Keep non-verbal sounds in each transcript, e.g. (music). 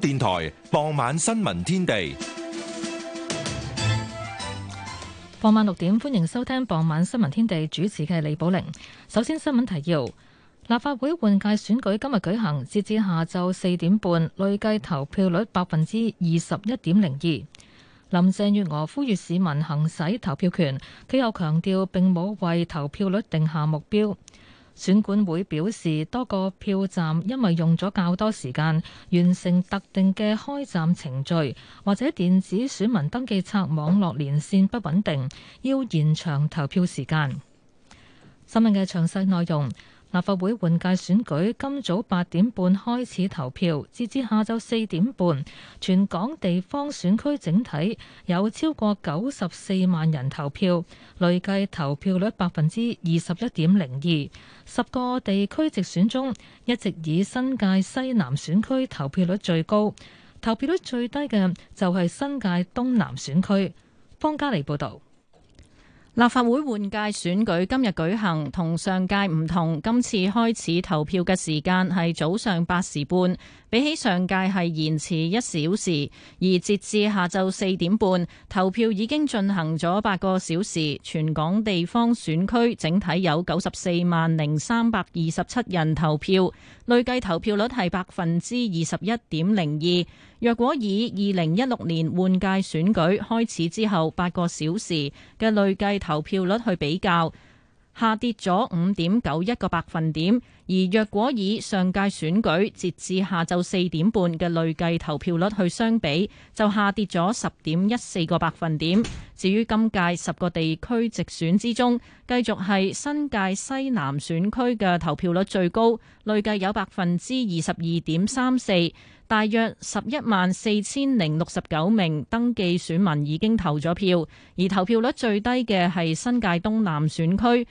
電台傍晚新聞天地，傍晚六點，歡迎收聽傍晚新聞天地，主持嘅李寶玲。首先新聞提要：立法會換屆選舉今日舉行，截至下晝四點半，累計投票率百分之二十一點零二。林鄭月娥呼籲市民行使投票權，佢又強調，並冇為投票率定下目標。選管會表示，多個票站因為用咗較多時間完成特定嘅開站程序，或者電子選民登記冊網絡連線不穩定，要延長投票時間。新聞嘅詳細內容。立法會換屆選舉今早八點半開始投票，截至，至下晝四點半，全港地方選區整體有超過九十四萬人投票，累計投票率百分之二十一點零二。十個地區直選中，一直以新界西南選區投票率最高，投票率最低嘅就係新界東南選區。方家莉報道。立法會換屆選舉今日舉行，同上屆唔同，今次開始投票嘅時間係早上八時半。比起上屆係延遲一小時，而截至下晝四點半，投票已經進行咗八個小時。全港地方選區整體有九十四萬零三百二十七人投票，累計投票率係百分之二十一點零二。若果以二零一六年換屆選舉開始之後八個小時嘅累計投票率去比較，下跌咗五點九一個百分點。而若果以上屆選舉截至下晝四點半嘅累計投票率去相比，就下跌咗十點一四個百分點。至於今屆十個地區直選之中，繼續係新界西南選區嘅投票率最高，累計有百分之二十二點三四，大約十一萬四千零六十九名登記選民已經投咗票，而投票率最低嘅係新界東南選區，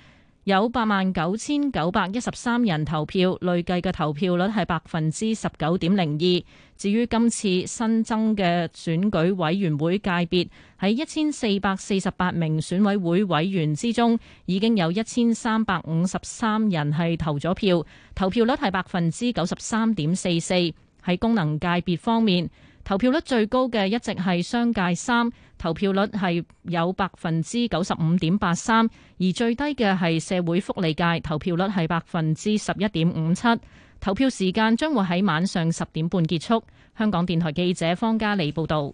有八萬九千九百一十三人投票，累計嘅投票率係百分之十九點零二。至於今次新增嘅選舉委員會界別，喺一千四百四十八名選委會委員之中，已經有一千三百五十三人係投咗票，投票率係百分之九十三點四四。喺功能界別方面，投票率最高嘅一直係商界三，投票率係有百分之九十五點八三，而最低嘅係社會福利界，投票率係百分之十一點五七。投票時間將會喺晚上十點半結束。香港電台記者方嘉莉報道。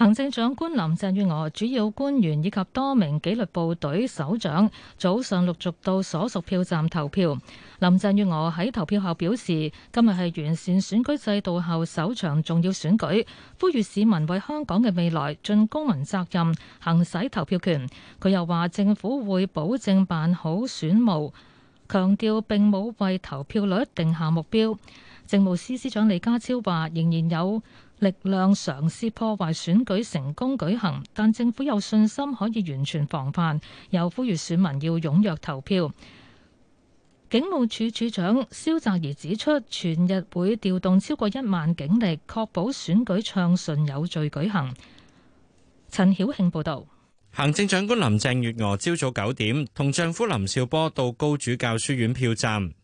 行政長官林鄭月娥、主要官員以及多名紀律部隊首長早上陸續到所屬票站投票。林鄭月娥喺投票後表示：今日係完善選舉制度後首場重要選舉，呼籲市民為香港嘅未來盡公民責任，行使投票權。佢又話：政府會保證辦好選務，強調並冇為投票率定下目標。政務司司長李家超話：仍然有力量嘗試破壞選舉成功舉行，但政府有信心可以完全防範，又呼籲選民要踴躍投票。警務處處長蕭澤頤指出，全日會調動超過一萬警力，確保選舉暢順有序舉行。陳曉慶報導。行政長官林鄭月娥朝早九點同丈夫林兆波到高主教書院票站。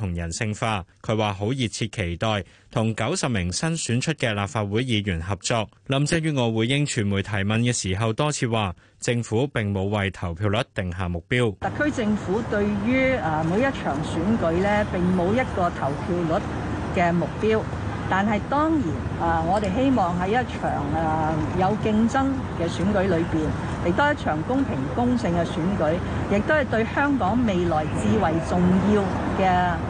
同人性化，佢話好熱切期待同九十名新選出嘅立法會議員合作。林鄭月娥回應傳媒提問嘅時候，多次話政府並冇為投票率定下目標。特區政府對於啊每一場選舉咧，並冇一個投票率嘅目標，但係當然啊，我哋希望喺一場啊有競爭嘅選舉裏邊，亦都一場公平公正嘅選舉，亦都係對香港未來至為重要嘅。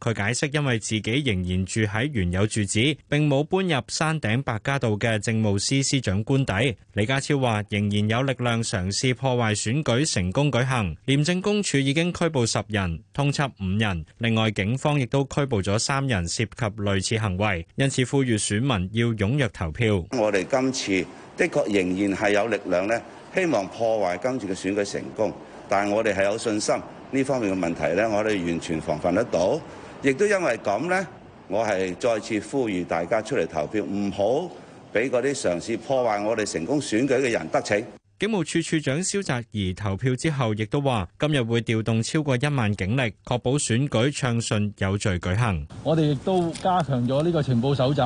佢解釋，因為自己仍然住喺原有住址，並冇搬入山頂白加道嘅政務司司長官邸。李家超話：仍然有力量嘗試破壞選舉成功舉行。廉政公署已經拘捕十人，通緝五人。另外，警方亦都拘捕咗三人涉及類似行為。因此，呼籲選民要踴躍投票。我哋今次的確仍然係有力量咧，希望破壞跟住嘅選舉成功。但係我哋係有信心呢方面嘅問題咧，我哋完全防範得到。亦都因為咁呢，我係再次呼籲大家出嚟投票，唔好俾嗰啲嘗試破壞我哋成功選舉嘅人得逞。警務處處長蕭澤頤投票之後，亦都話：今日會調動超過一萬警力，確保選舉暢順有序舉行。我哋亦都加強咗呢個情報蒐集，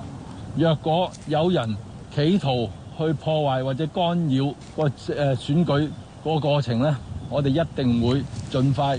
若果有人企圖去破壞或者干擾個誒選舉個過程呢，我哋一定會盡快。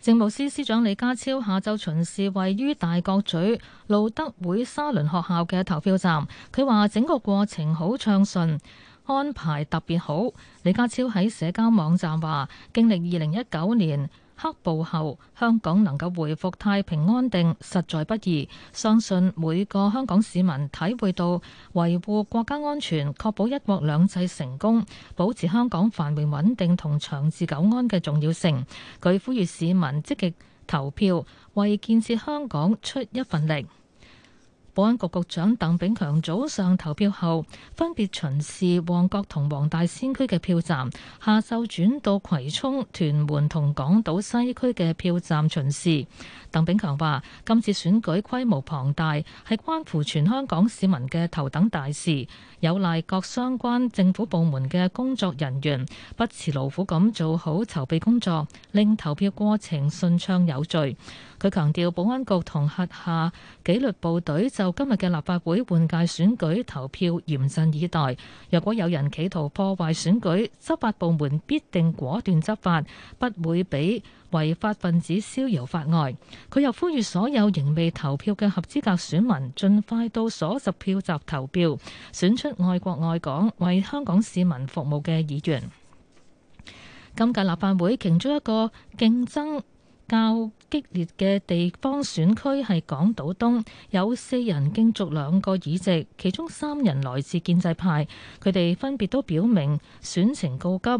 政務司司長李家超下晝巡視位於大角咀路德會沙倫學校嘅投票站，佢話整個過程好暢順，安排特別好。李家超喺社交網站話：經歷二零一九年。黑暴後，香港能夠回復太平安定，實在不易。相信每個香港市民體會到維護國家安全、確保一國兩制成功、保持香港繁榮穩定同長治久安嘅重要性。佢呼籲市民積極投票，為建設香港出一份力。保安局局長鄧炳強早上投票後，分別巡視旺角同黃大仙區嘅票站，下晝轉到葵涌、屯門同港島西區嘅票站巡視。鄧炳強話：今次選舉規模龐大，係關乎全香港市民嘅頭等大事，有賴各相關政府部門嘅工作人員不辭勞苦咁做好籌備工作，令投票過程順暢有序。佢強調，保安局同轄下紀律部隊就今日嘅立法會換屆選舉投票嚴陣以待。若果有人企圖破壞選舉，執法部門必定果斷執法，不會俾違法分子逍遙法外。佢又呼籲所有仍未投票嘅合資格選民，盡快到所屬票站投票，選出愛國愛港、為香港市民服務嘅議員。今屆立法會其中一個競爭較激烈嘅地方選區係港島東，有四人競逐兩個議席，其中三人來自建制派，佢哋分別都表明選情告急。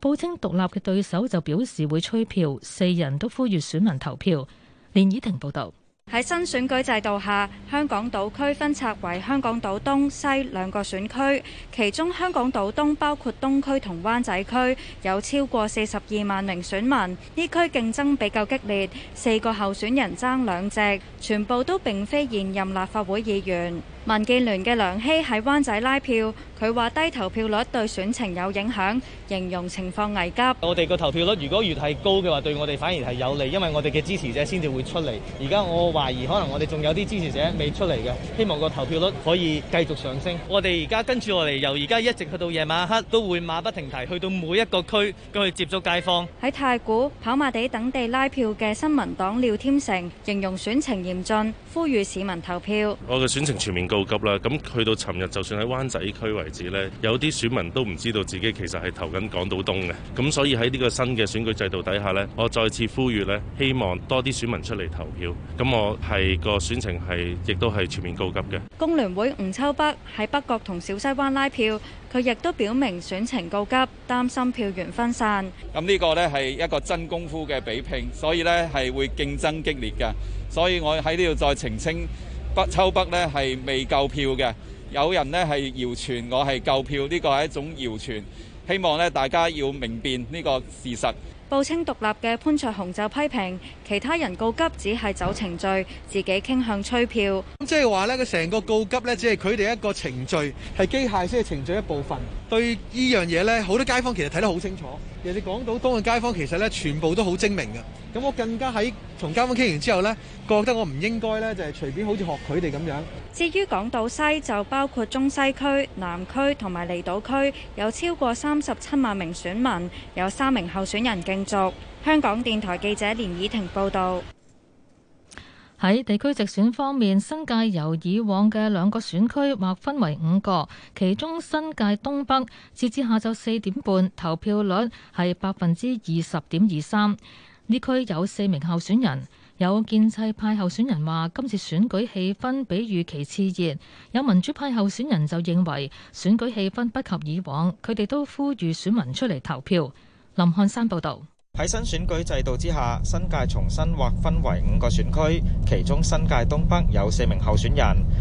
報稱獨立嘅對手就表示會催票，四人都呼籲選民投票。連怡婷報道。喺新選舉制度下，香港島區分拆為香港島東、西兩個選區，其中香港島東包括東區同灣仔區，有超過四十二萬名選民，呢區競爭比較激烈，四個候選人爭兩席，全部都並非現任立法會議員。民建聯嘅梁希喺灣仔拉票，佢話低投票率對選情有影響，形容情況危急。我哋個投票率如果越係高嘅話，對我哋反而係有利，因為我哋嘅支持者先至會出嚟。而家我懷疑可能我哋仲有啲支持者未出嚟嘅，希望個投票率可以繼續上升。我哋而家跟住落嚟，由而家一直去到夜晚黑，都會馬不停蹄去到每一個區去接觸街坊。喺太古、跑馬地等地拉票嘅新民黨廖添成形容選情嚴峻。呼籲市民投票。我嘅選情全面告急啦！咁去到尋日，就算喺灣仔區為止呢，有啲選民都唔知道自己其實係投緊港島東嘅。咁所以喺呢個新嘅選舉制度底下呢，我再次呼籲呢，希望多啲選民出嚟投票。咁我係個選情係，亦都係全面告急嘅。工聯會吳秋北喺北角同小西灣拉票，佢亦都表明選情告急，擔心票源分散。咁呢個呢係一個真功夫嘅比拼，所以呢係會競爭激烈㗎。所以我喺呢度再澄清，北秋北呢係未夠票嘅，有人呢係謠傳我係夠票，呢個係一種謠傳，希望咧大家要明辨呢個事實。報稱獨立嘅潘卓雄就批評。其他人告急只係走程序，自己傾向吹票。咁即係話呢，佢成個告急呢，只係佢哋一個程序，係機械式程序一部分。對呢樣嘢呢，好多街坊其實睇得好清楚。其實你講到港島東嘅街坊其實呢，全部都好精明嘅。咁我更加喺同街坊傾完之後呢，覺得我唔應該呢，就係隨便好似學佢哋咁樣。至於港島西就包括中西區、南區同埋離島區，有超過三十七萬名選民，有三名候選人競逐。香港電台記者連綺婷報道：喺地區直選方面，新界由以往嘅兩個選區劃分為五個。其中新界東北截至下晝四點半投票率係百分之二十點二三。呢區有四名候選人，有建制派候選人話今次選舉氣氛比預期熾熱，有民主派候選人就認為選舉氣氛不及以往。佢哋都呼籲選民出嚟投票。林漢山報道。喺新選舉制度之下，新界重新劃分為五個選區，其中新界東北有四名候選人。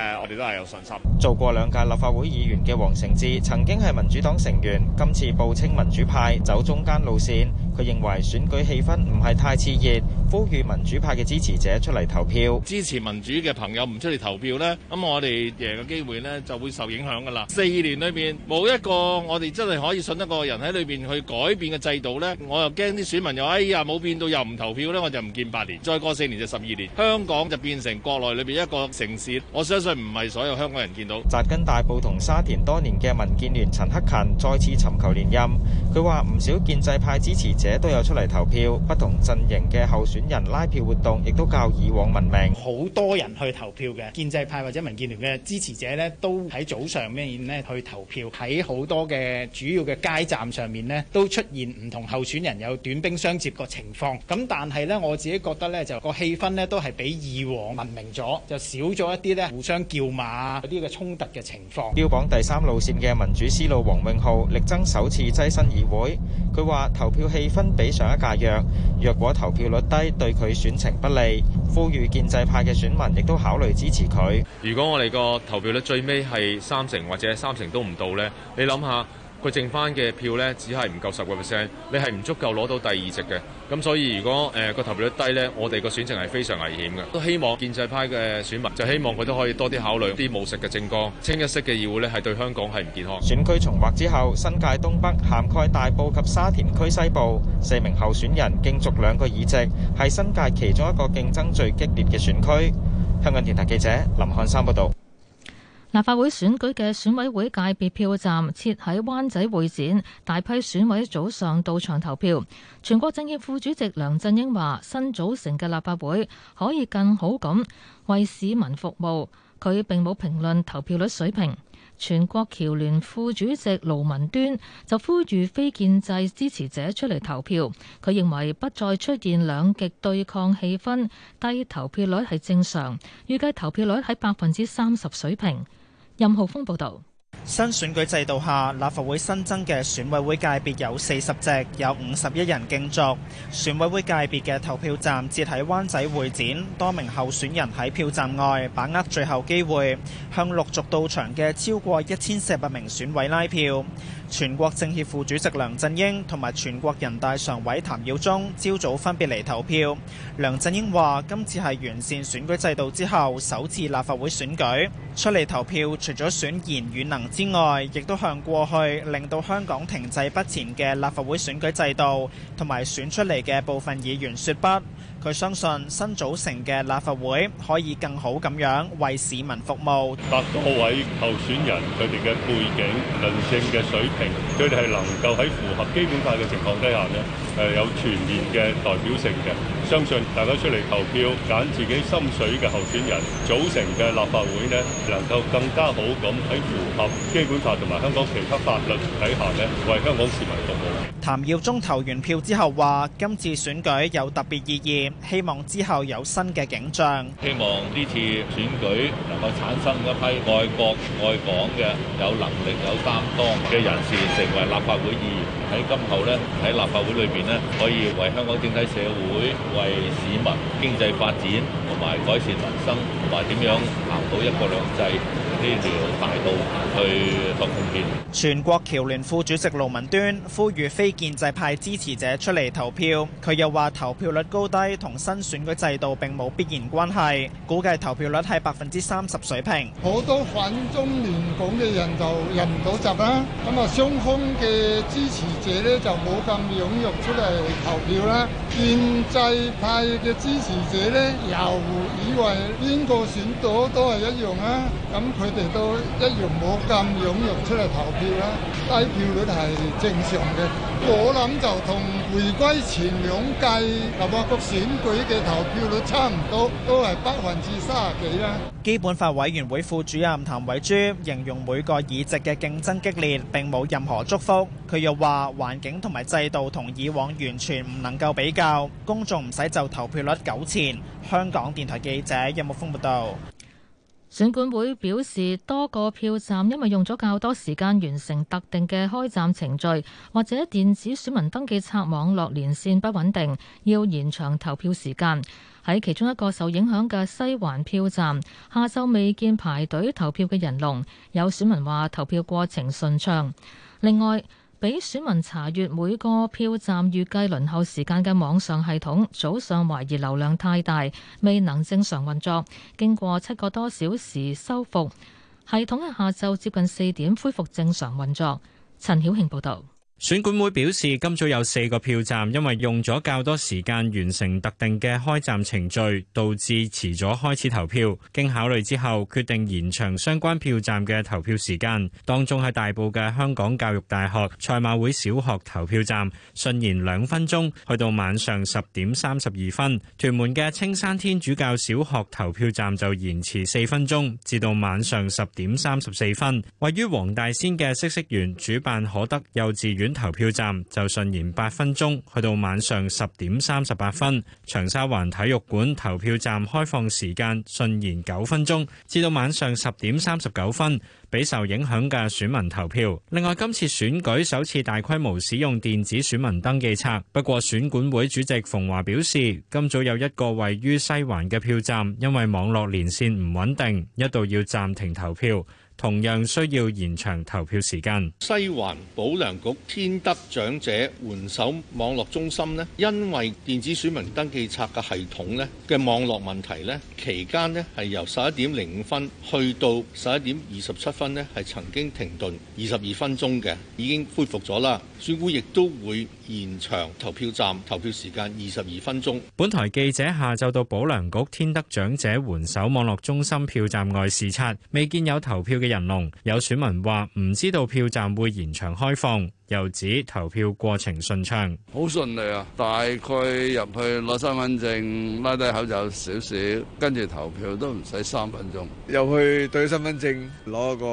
誒，我哋都係有信心。做過兩屆立法會議員嘅黃成志，曾經係民主黨成員，今次報稱民主派走中間路線。佢認為選舉氣氛唔係太熾熱，呼籲民主派嘅支持者出嚟投票。支持民主嘅朋友唔出嚟投票呢，咁我哋贏嘅機會呢就會受影響噶啦。四年裏面冇一個我哋真係可以信得過人喺裏面去改變嘅制度呢，我又驚啲選民又哎呀冇變到又唔投票呢，我就唔見八年，再過四年就十二年，香港就變成國內裏邊一個城市。我相信。唔係所有香港人見到，紮根大埔同沙田多年嘅民建聯陳克勤再次尋求連任。佢話唔少建制派支持者都有出嚟投票，不同陣營嘅候選人拉票活動亦都較以往文明。好多人去投票嘅建制派或者民建聯嘅支持者咧，都喺早上面咧去投票，喺好多嘅主要嘅街站上面咧都出現唔同候選人有短兵相接個情況，咁但係咧，我自己覺得咧就、個氣氛咧都係比以往文明咗，就少咗一啲咧互相叫罵呢啲嘅衝突嘅情況。標榜第三路線嘅民主思路，黃永浩力爭首次躋身議會。佢話投票氣氛比上一屆弱，若果投票率低，對佢選情不利，呼籲建制派嘅選民亦都考慮支持佢。如果我哋個投票率最尾係三成或者三成都唔到呢？你諗下。佢剩返嘅票呢，只係唔夠十個 percent，你係唔足夠攞到第二席嘅。咁所以如果誒個、呃、投票率低呢，我哋個選情係非常危險嘅。都希望建制派嘅選民就希望佢都可以多啲考慮啲務實嘅政綱，清一色嘅議會呢，係對香港係唔健康。選區重劃之後，新界東北涵蓋大埔及沙田區西部，四名候選人競逐兩個議席，係新界其中一個競爭最激烈嘅選區。香港電台記者林漢山報道。立法會選舉嘅選委會界別票站設喺灣仔會展，大批選委早上到場投票。全國政協副主席梁振英話：新組成嘅立法會可以更好咁為市民服務。佢並冇評論投票率水平。全國僑聯副主席盧文端就呼籲非建制支持者出嚟投票。佢認為不再出現兩極對抗氣氛，低投票率係正常。預計投票率喺百分之三十水平。任浩峰報道：新選舉制度下，立法會新增嘅選委會界別有四十席，有五十一人競逐。選委會界別嘅投票站設喺灣仔會展，多名候選人喺票站外把握最後機會，向陸續到場嘅超過一千四百名選委拉票。全國政協副主席梁振英同埋全國人大常委譚耀宗朝早分別嚟投票。梁振英話：今次係完善選舉制度之後首次立法會選舉，出嚟投票除咗選賢與能之外，亦都向過去令到香港停滯不前嘅立法會選舉制度同埋選出嚟嘅部分議員說不。佢相信新組成嘅立法會可以更好咁樣為市民服務。百多位候選人佢哋嘅背景、論證嘅水平，佢哋係能夠喺符合基本法嘅情況底下咧，誒有全面嘅代表性嘅。相信大家出嚟投票，揀自己心水嘅候選人，組成嘅立法會咧，能夠更加好咁喺符合基本法同埋香港其他法律底下咧，為香港市民服務。譚耀宗投完票之後話：今次選舉有特別意義，希望之後有新嘅景象。希望呢次選舉能夠產生一批愛國愛港嘅、有能力有擔當嘅人士，成為立法會議員。喺今後呢，喺立法會裏邊呢，可以為香港整體社會、為市民、經濟發展同埋改善民生，同埋點樣行到一國兩制。啲條大道去放風卷。全國僑聯副主席盧文端呼籲非建制派支持者出嚟投票。佢又話投票率高低同新選舉制度並冇必然關係，估計投票率喺百分之三十水平。好多反中聯港嘅人就入唔到閘啦，咁啊雙方嘅支持者呢就冇咁踴躍出嚟投票啦。建制派嘅支持者呢又以為邊個選咗都係一樣啊，咁佢。我哋都一樣冇咁踴躍出嚟投票啦，低票率係正常嘅。我諗就同回歸前兩屆立法局選舉嘅投票率差唔多，都係百分之卅幾啦。基本法委員會副主任譚偉珠形容每個議席嘅競爭激烈並冇任何祝福。佢又話環境同埋制度同以往完全唔能夠比較，公眾唔使就投票率糾纏。香港電台記者任木風報道。選管會表示，多個票站因為用咗較多時間完成特定嘅開站程序，或者電子選民登記冊網絡連線不穩定，要延長投票時間。喺其中一個受影響嘅西環票站，下晝未見排隊投票嘅人龍，有選民話投票過程順暢。另外俾選民查閱每個票站預計輪候時間嘅網上系統，早上懷疑流量太大，未能正常運作。經過七個多小時修復，系統喺下晝接近四點恢復正常運作。陳曉慶報導。選管會表示，今早有四個票站因為用咗較多時間完成特定嘅開站程序，導致遲咗開始投票。經考慮之後，決定延長相關票站嘅投票時間。當中喺大埔嘅香港教育大學賽馬會小學投票站，順延兩分鐘，去到晚上十點三十二分。屯門嘅青山天主教小學投票站就延遲四分鐘，至到晚上十點三十四分。位於黃大仙嘅嗇色園主辦可德幼稚園投票站就順延八分鐘，去到晚上十點三十八分；長沙灣體育館投票站開放時間順延九分鐘，至到晚上十點三十九分，俾受影響嘅選民投票。另外，今次選舉首次大規模使用電子選民登記冊，不過選管會主席馮華表示，今早有一個位於西環嘅票站，因為網絡連線唔穩定，一度要暫停投票。同樣需要延長投票時間。西環保良局天德長者援手網絡中心呢，因為電子選民登記冊嘅系統呢嘅網絡問題呢，期間呢係由十一點零五分去到十一點二十七分呢，係曾經停頓二十二分鐘嘅，已經恢復咗啦。選舉亦都會延長投票站投票時間二十二分鐘。本台記者下晝到保良局天德長者援手網絡中心票站外視察，未見有投票嘅人龍，有選民話唔知道票站會延長開放，又指投票過程順暢，好順利啊！大概入去攞身份證，拉低口罩少少，跟住投票都唔使三分鐘，又去對身份證攞個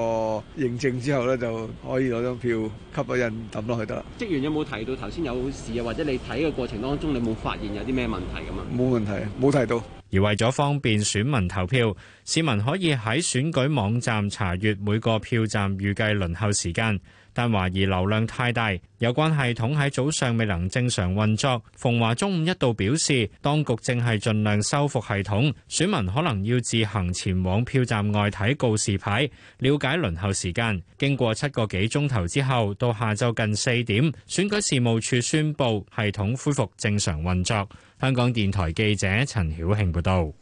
認證之後咧就可以攞張票，吸個印抌落去得啦。職員有冇提到頭先有事啊？或者你睇嘅過程當中你冇發現有啲咩問題咁啊？冇問題，冇提到。而為咗方便選民投票，市民可以喺選舉網站查閱每個票站預計輪候時間。但懷疑流量太大，有關系統喺早上未能正常運作。馮驊中午一度表示，當局正係盡量修復系統，選民可能要自行前往票站外睇告示牌，了解輪候時間。經過七個幾鐘頭之後，到下晝近四點，選舉事務處宣布系統恢復正常運作。香港電台記者陳曉慶報道。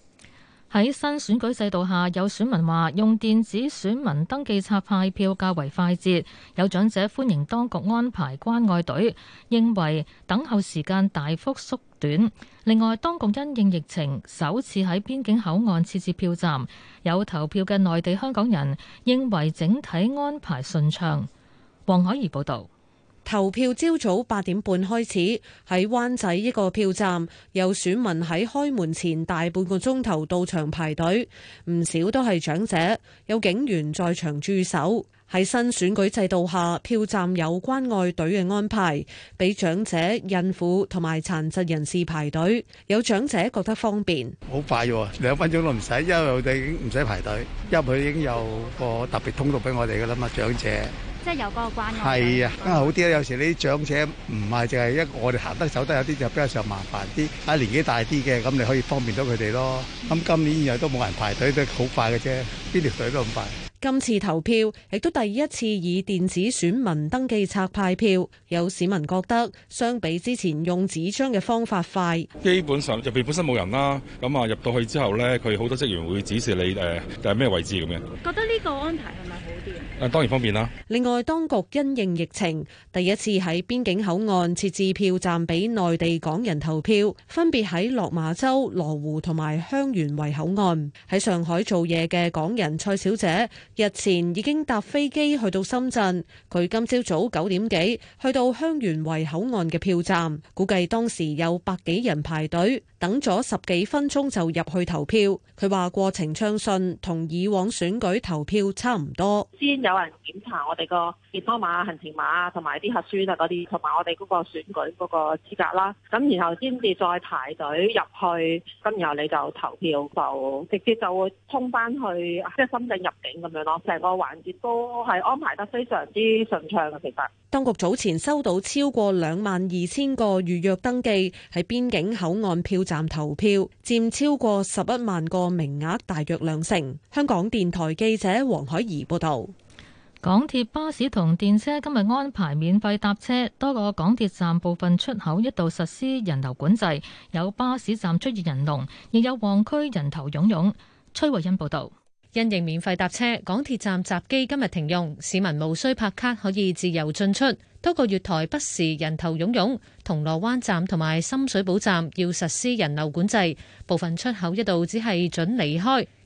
喺新選舉制度下，有選民話用電子選民登記冊派票較為快捷，有長者歡迎當局安排關愛隊，認為等候時間大幅縮短。另外，當局因應疫情首次喺邊境口岸設置票站，有投票嘅內地香港人認為整體安排順暢。黃海怡報導。投票朝早八點半開始，喺灣仔一個票站，有選民喺開門前大半個鐘頭到場排隊，唔少都係長者，有警員在場駐守。喺新選舉制度下，票站有關愛隊嘅安排，俾長者、孕婦同埋殘疾人士排隊，有長者覺得方便。好快，兩分鐘都唔使，因為我哋已經唔使排隊，入去已經有個特別通道俾我哋噶啦嘛，長者。即係有嗰個關係，係啊，梗係好啲啦。有時你啲長者唔係淨係一個我哋行得走得，有啲就比較上麻煩啲。啊，年紀大啲嘅咁，你可以方便到佢哋咯。咁今年以後都冇人排隊，都好快嘅啫，邊條隊都咁快。今次投票亦都第一次以電子選民登記冊派票，有市民覺得相比之前用紙張嘅方法快。基本上入邊本身冇人啦，咁啊入到去之後咧，佢好多職員會指示你誒，就係咩位置咁樣。覺得呢個安排係咪好啲？誒，當然方便啦。另外，當局因應疫情，第一次喺邊境口岸設置票站俾內地港人投票，分別喺落馬洲、羅湖同埋香園圍口岸。喺上海做嘢嘅港人蔡小姐日前已經搭飛機去到深圳，佢今朝早九點幾去到香園圍口岸嘅票站，估計當時有百幾人排隊。等咗十幾分鐘就入去投票，佢話過程暢順，同以往選舉投票差唔多。先有人檢查我哋個健康碼啊、行程碼啊，同埋啲核酸啊嗰啲，同埋我哋嗰個選舉嗰個資格啦，咁然後先至再排隊入去，咁然後你就投票，就直接就會通翻去即係深圳入境咁樣咯。成個環節都係安排得非常之順暢嘅其實。當局早前收到超過兩萬二千個預約登記，喺邊境口岸票站。站投票佔超過十一萬個名額，大約兩成。香港電台記者黃海怡報道。港鐵巴士同電車今日安排免費搭車，多個港鐵站部分出口一度實施人流管制，有巴士站出現人龍，亦有旺區人頭湧湧。崔慧欣報道。因應免費搭車，港鐵站閘機今日停用，市民無需拍卡，可以自由進出。多個月台不時人頭湧湧，銅鑼灣站同埋深水埗站要實施人流管制，部分出口一度只係准離開。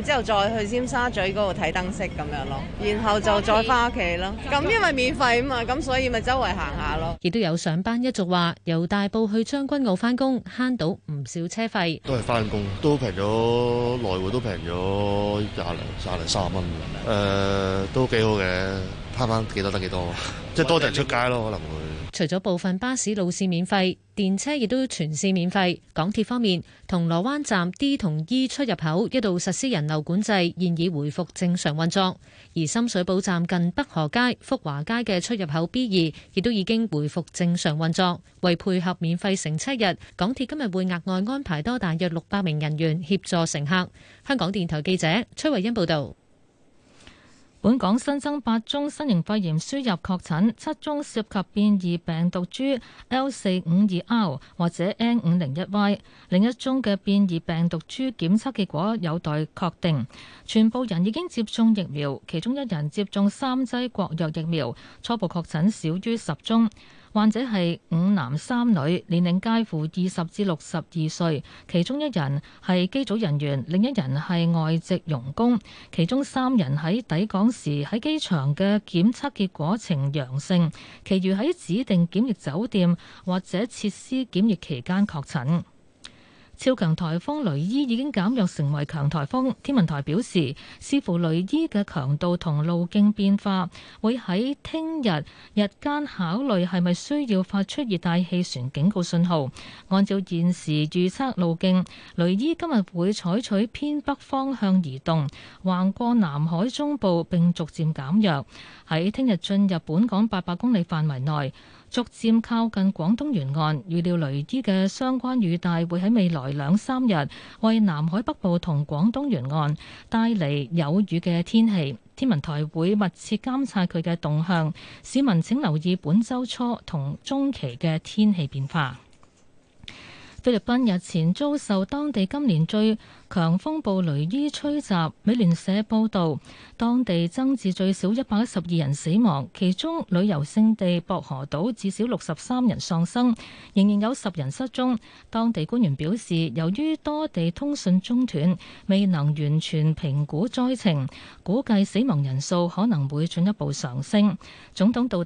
之後再去尖沙咀嗰度睇燈飾咁樣咯。然後就再翻屋企咯。咁因為免費啊嘛，咁所以咪周圍行下咯。亦都有上班一族話由大埔去將軍澳翻工，慳到唔少車費。都係翻工，都平咗，來回都平咗廿零、卅零、三十蚊。誒，都幾好嘅，慳翻幾多得幾多，即 (laughs) 係多啲人出街咯，可能會。除咗部分巴士路線免費，電車亦都全線免費。港鐵方面，銅鑼灣站 D 同 E 出入口一度實施人流管制，現已回復正常運作。而深水埗站近北河街、福華街嘅出入口 B 二亦都已經回復正常運作。為配合免費乘車日，港鐵今日會額外安排多大約六百名人員協助乘客。香港電台記者崔慧欣報道。本港新增八宗新型肺炎輸入確診，七宗涉及變異病毒株 L 四五二 R 或者 N 五零一 Y，另一宗嘅變異病毒株檢測結果有待確定。全部人已經接種疫苗，其中一人接種三劑國藥疫苗，初步確診少於十宗。患者係五男三女，年齡介乎二十至六十二歲，其中一人係機組人員，另一人係外籍傭工，其中三人喺抵港時喺機場嘅檢測結果呈陽性，其餘喺指定檢疫酒店或者設施檢疫期間確診。超強颱風雷伊已經減弱成為強颱風，天文台表示，視乎雷伊嘅強度同路徑變化，會喺聽日日間考慮係咪需要發出熱帶氣旋警告信號。按照現時預測路徑，雷伊今日會採取偏北方向移動，橫過南海中部，並逐漸減弱。喺聽日進入本港八百公里範圍內。逐漸靠近廣東沿岸，預料雷雨嘅相關雨帶會喺未來兩三日為南海北部同廣東沿岸帶嚟有雨嘅天氣。天文台會密切監察佢嘅動向，市民請留意本週初同中期嘅天氣變化。菲律賓日前遭受當地今年最強風暴雷伊吹襲，美聯社報導，當地增至最少一百一十二人死亡，其中旅遊勝地薄荷島至少六十三人喪生，仍然有十人失蹤。當地官員表示，由於多地通訊中斷，未能完全評估災情，估計死亡人數可能會進一步上升。總統杜